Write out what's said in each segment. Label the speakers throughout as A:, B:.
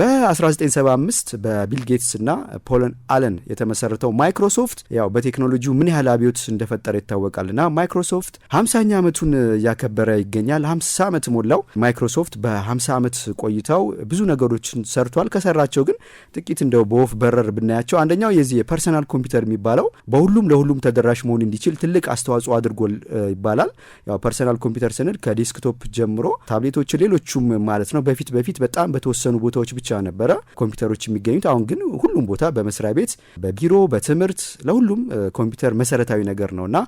A: በ1975 በቢል ጌትስ እና ፖለን አለን የተመሰረተው ማይክሮሶፍት ያው በቴክኖሎጂው ምን ያህል አብዮት እንደፈጠረ ይታወቃል ና ማይክሮሶፍት 50ኛ ዓመቱን እያከበረ ይገኛል። 50 ዓመት ሞላው። ማይክሮሶፍት በ50 ዓመት ቆይታው ብዙ ነገሮችን ሰርቷል። ከሰራቸው ግን ጥቂት እንደው በወፍ በረር ብናያቸው አንደኛው የዚህ የፐርሰናል ኮምፒውተር የሚባለው በሁሉም ለሁሉም ተደራሽ መሆን እንዲችል ትልቅ አስተዋጽኦ አድርጎል ይባላል። ያው ፐርሰናል ኮምፒውተር ስንል ከዴስክቶፕ ጀምሮ ታብሌቶች፣ ሌሎቹም ማለት ነው። በፊት በፊት በጣም በተወሰኑ ቦታዎች ብቻ ነበረ ኮምፒውተሮች የሚገኙት። አሁን ግን ሁሉም ቦታ በመስሪያ ቤት፣ በቢሮ፣ በትምህርት ለሁሉም ኮምፒውተር መሰረታዊ ነገር ነው እና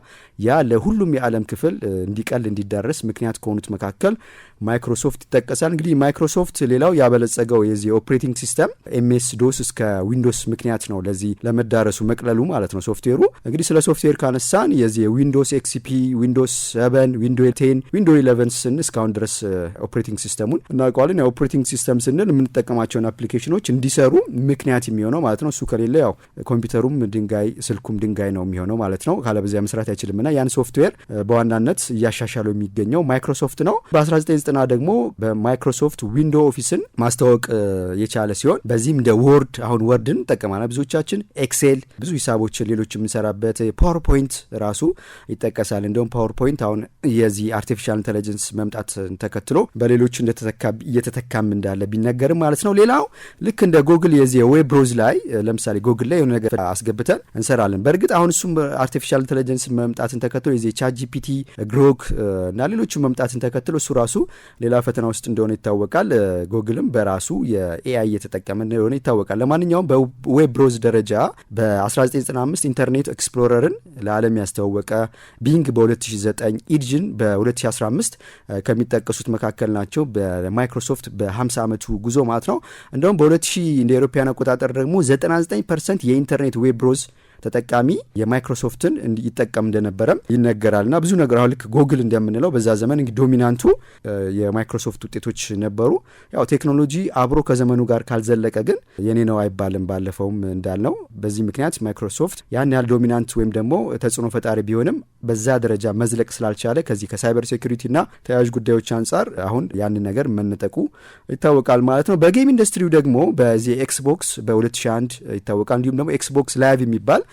A: ያ ለሁሉም የዓለም ክፍል እንዲቀል እንዲዳረስ ምክንያት ከሆኑት መካከል ማይክሮሶፍት ይጠቀሳል። እንግዲህ ማይክሮሶፍት ሌላው ያበለጸገው የዚህ ኦፕሬቲንግ ሲስተም ኤምኤስ ዶስ እስከ ዊንዶስ ምክንያት ነው ለዚህ ለመዳረሱ መቅለሉ ማለት ነው ሶፍትዌሩ። እንግዲህ ስለ ሶፍትዌር ካነሳን የዚህ ዊንዶስ ኤክሲፒ ዊንዶስ 7፣ ዊንዶ 10፣ ዊንዶ 11 ስን እስካሁን ድረስ ኦፕሬቲንግ ሲስተሙን እናውቀዋለን። የኦፕሬቲንግ ሲስተም ስንል የምንጠቀማ የምንጠቀማቸውን አፕሊኬሽኖች እንዲሰሩ ምክንያት የሚሆነው ማለት ነው። እሱ ከሌለ ያው ኮምፒውተሩም ድንጋይ፣ ስልኩም ድንጋይ ነው የሚሆነው ማለት ነው። ካለበዚያ መስራት አይችልም እና ያን ሶፍትዌር በዋናነት እያሻሻለው የሚገኘው ማይክሮሶፍት ነው። በ1990 ደግሞ በማይክሮሶፍት ዊንዶ ኦፊስን ማስተዋወቅ የቻለ ሲሆን በዚህም እንደ ወርድ አሁን ወርድን ጠቀማና ብዙዎቻችን፣ ኤክሴል ብዙ ሂሳቦችን ሌሎች የምንሰራበት ፓወርፖይንት ራሱ ይጠቀሳል። እንደውም ፓወርፖይንት አሁን የዚህ አርቲፊሻል ኢንቴሊጀንስ መምጣት ተከትሎ በሌሎች እየተተካም እንዳለ ቢነገርም ማለት ነው ሌላው ልክ እንደ ጎግል የዚህ ዌብ ብሮዝ ላይ ለምሳሌ ጎግል ላይ የሆነ ነገር አስገብተን እንሰራለን። በእርግጥ አሁን እሱም አርቲፊሻል ኢንቴለጀንስ መምጣትን ተከትሎ የዚህ ቻት ጂፒቲ፣ ግሮክ እና ሌሎቹ መምጣትን ተከትሎ እሱ ራሱ ሌላ ፈተና ውስጥ እንደሆነ ይታወቃል። ጎግልም በራሱ የኤአይ እየተጠቀመ እንደሆነ ይታወቃል። ለማንኛውም በዌብ ብሮዝ ደረጃ በ1995 ኢንተርኔት ኤክስፕሎረርን ለዓለም ያስተዋወቀ ቢንግ በ2009 ኢድጅን በ2015 ከሚጠቀሱት መካከል ናቸው። በማይክሮሶፍት በ50 ዓመቱ ጉዞ ማለት ነው። እንደውም በ2000 እንደ ኤሮፓያን አቆጣጠር ደግሞ 99 ፐርሰንት የኢንተርኔት ዌብ ብሮዝ ተጠቃሚ የማይክሮሶፍትን ይጠቀም እንደነበረም ይነገራል። እና ብዙ ነገር አሁን ልክ ጎግል እንደምንለው በዛ ዘመን እንግዲህ ዶሚናንቱ የማይክሮሶፍት ውጤቶች ነበሩ። ያው ቴክኖሎጂ አብሮ ከዘመኑ ጋር ካልዘለቀ ግን የኔ ነው አይባልም። ባለፈውም እንዳልነው በዚህ ምክንያት ማይክሮሶፍት ያን ያህል ዶሚናንት ወይም ደግሞ ተጽዕኖ ፈጣሪ ቢሆንም በዛ ደረጃ መዝለቅ ስላልቻለ ከዚህ ከሳይበር ና ተያያዥ ጉዳዮች አንጻር አሁን ያን ነገር መነጠቁ ይታወቃል ማለት ነው። በጌም ኢንዱስትሪው ደግሞ በዚህ ኤክስቦክስ በ2001 ይታወቃል። እንዲሁም ደግሞ ኤክስቦክስ ላይቭ የሚባል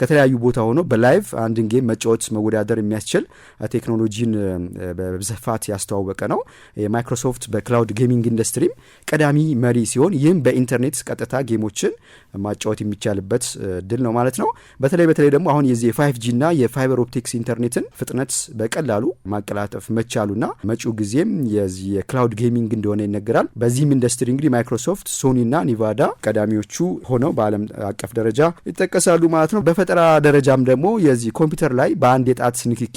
A: ከተለያዩ ቦታ ሆኖ በላይቭ አንድን ጌም መጫወት መወዳደር የሚያስችል ቴክኖሎጂን በብዝፋት ያስተዋወቀ ነው። ማይክሮሶፍት በክላውድ ጌሚንግ ኢንዱስትሪም ቀዳሚ መሪ ሲሆን ይህም በኢንተርኔት ቀጥታ ጌሞችን ማጫወት የሚቻልበት ድል ነው ማለት ነው። በተለይ በተለይ ደግሞ አሁን የዚህ የፋይቭ ጂ እና የፋይበር ኦፕቲክስ ኢንተርኔትን ፍጥነት በቀላሉ ማቀላጠፍ መቻሉና መጪው ጊዜም የዚህ የክላውድ ጌሚንግ እንደሆነ ይነገራል። በዚህም ኢንዱስትሪ እንግዲህ ማይክሮሶፍት፣ ሶኒ እና ኒቫዳ ቀዳሚዎቹ ሆነው በዓለም አቀፍ ደረጃ ይጠቀሳሉ ማለት ነው። በፈጠራ ደረጃም ደግሞ የዚህ ኮምፒውተር ላይ በአንድ የጣት ንክኪ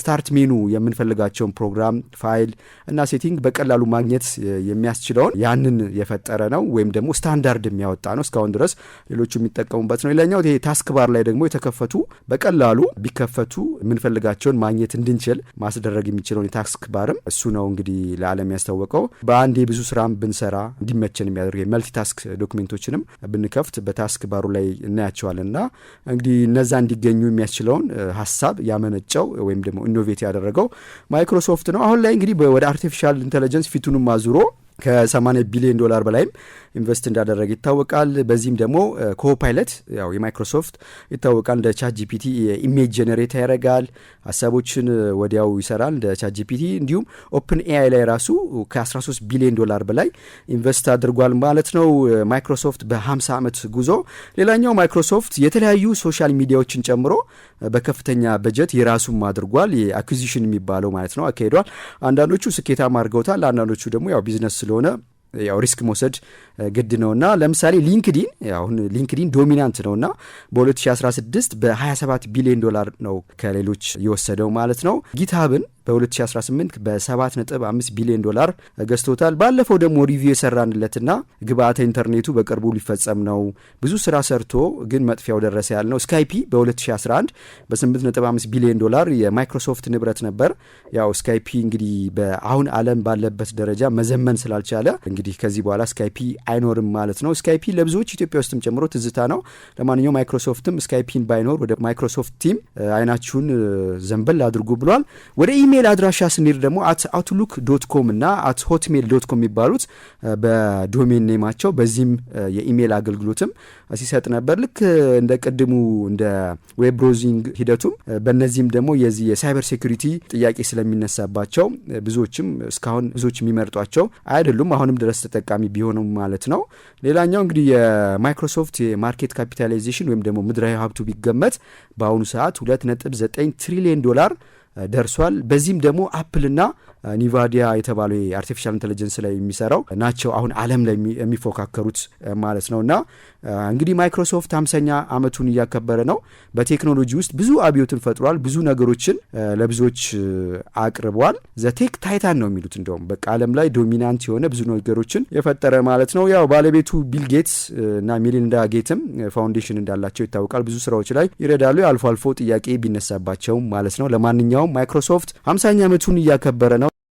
A: ስታርት ሜኑ የምንፈልጋቸውን ፕሮግራም፣ ፋይል እና ሴቲንግ በቀላሉ ማግኘት የሚያስችለውን ያንን የፈጠረ ነው ወይም ደግሞ ስታንዳርድ የሚያወጣ ነው። እስካሁን ድረስ ሌሎቹ የሚጠቀሙበት ነው። ሌላኛው ይሄ ታስክ ባር ላይ ደግሞ የተከፈቱ በቀላሉ ቢከፈቱ የምንፈልጋቸውን ማግኘት እንድንችል ማስደረግ የሚችለውን የታስክ ባርም እሱ ነው እንግዲህ ለዓለም ያስታወቀው። በአንድ የብዙ ስራም ብንሰራ እንዲመቸን የሚያደርገ የመልቲታስክ ዶክሜንቶችንም ብንከፍት በታስክ ባሩ ላይ እናያቸዋል እና እንግዲህ እነዛ እንዲገኙ የሚያስችለውን ሀሳብ ያመነጨው ወይም ደግሞ ኢኖቬት ያደረገው ማይክሮሶፍት ነው። አሁን ላይ እንግዲህ ወደ አርቲፊሻል ኢንቴሊጀንስ ፊቱንም አዙሮ ከ80 ቢሊዮን ዶላር በላይም ኢንቨስት እንዳደረገ ይታወቃል። በዚህም ደግሞ ኮፓይለት ያው የማይክሮሶፍት ይታወቃል። እንደ ቻት ጂፒቲ ኢሜጅ ጀነሬት ያደርጋል፣ ሀሳቦችን ወዲያው ይሰራል እንደ ቻት ጂፒቲ። እንዲሁም ኦፕን ኤአይ ላይ ራሱ ከ13 ቢሊዮን ዶላር በላይ ኢንቨስት አድርጓል ማለት ነው ማይክሮሶፍት በ50 ዓመት ጉዞ። ሌላኛው ማይክሮሶፍት የተለያዩ ሶሻል ሚዲያዎችን ጨምሮ በከፍተኛ በጀት የራሱም አድርጓል። አኩዚሽን የሚባለው ማለት ነው አካሂዷል። አንዳንዶቹ ስኬታማ አድርገውታል፣ አንዳንዶቹ ደግሞ ያው ቢዝነስ ስለሆነ ያው ሪስክ መውሰድ ግድ ነው እና ለምሳሌ ሊንክዲን አሁን ሊንክዲን ዶሚናንት ነውና በ2016 በ27 ቢሊዮን ዶላር ነው ከሌሎች የወሰደው ማለት ነው። ጊትሀብን በ2018 በ7.5 ቢሊዮን ዶላር ገዝቶታል። ባለፈው ደግሞ ሪቪው የሰራንለትና ግብአተ ኢንተርኔቱ በቅርቡ ሊፈጸም ነው ብዙ ስራ ሰርቶ ግን መጥፊያው ደረሰ ያልነው ስካይፒ በ2011 በ8.5 ቢሊዮን ዶላር የማይክሮሶፍት ንብረት ነበር። ያው ስካይፒ እንግዲህ በአሁን ዓለም ባለበት ደረጃ መዘመን ስላልቻለ እንግዲህ ከዚህ በኋላ ስካይፒ አይኖርም ማለት ነው። ስካይፒ ለብዙዎች ኢትዮጵያ ውስጥም ጨምሮ ትዝታ ነው። ለማንኛውም ማይክሮሶፍትም ስካይፒን ባይኖር ወደ ማይክሮሶፍት ቲም አይናችሁን ዘንበል አድርጉ ብሏል። ወደ የኢሜይል አድራሻ ስንሄድ ደግሞ አት አውትሉክ ዶት ኮም እና አት ሆትሜል ዶት ኮም የሚባሉት በዶሜን ኔማቸው በዚህም የኢሜይል አገልግሎትም ሲሰጥ ነበር። ልክ እንደ ቅድሙ እንደ ዌብ ብሮዚንግ ሂደቱም በእነዚህም ደግሞ የዚህ የሳይበር ሴኩሪቲ ጥያቄ ስለሚነሳባቸው ብዙዎችም እስካሁን ብዙዎች የሚመርጧቸው አይደሉም፣ አሁንም ድረስ ተጠቃሚ ቢሆኑም ማለት ነው። ሌላኛው እንግዲህ የማይክሮሶፍት የማርኬት ካፒታላይዜሽን ወይም ደግሞ ምድራዊ ሀብቱ ቢገመት በአሁኑ ሰዓት 2.9 ትሪሊየን ዶላር ደርሷል። በዚህም ደግሞ አፕልና ኒቫዲያ የተባለው የአርቲፊሻል ኢንቴሊጀንስ ላይ የሚሰራው ናቸው አሁን አለም ላይ የሚፎካከሩት ማለት ነው። እና እንግዲህ ማይክሮሶፍት ሃምሳኛ አመቱን እያከበረ ነው። በቴክኖሎጂ ውስጥ ብዙ አብዮትን ፈጥሯል። ብዙ ነገሮችን ለብዙዎች አቅርቧል። ዘቴክ ታይታን ነው የሚሉት እንደውም በቃ አለም ላይ ዶሚናንት የሆነ ብዙ ነገሮችን የፈጠረ ማለት ነው። ያው ባለቤቱ ቢል ጌትስ እና ሜሊንዳ ጌትም ፋውንዴሽን እንዳላቸው ይታወቃል። ብዙ ስራዎች ላይ ይረዳሉ። አልፎ አልፎ ጥያቄ ቢነሳባቸውም ማለት ነው። ለማንኛውም ማይክሮሶፍት ሀምሳኛ ዓመቱን እያከበረ ነው።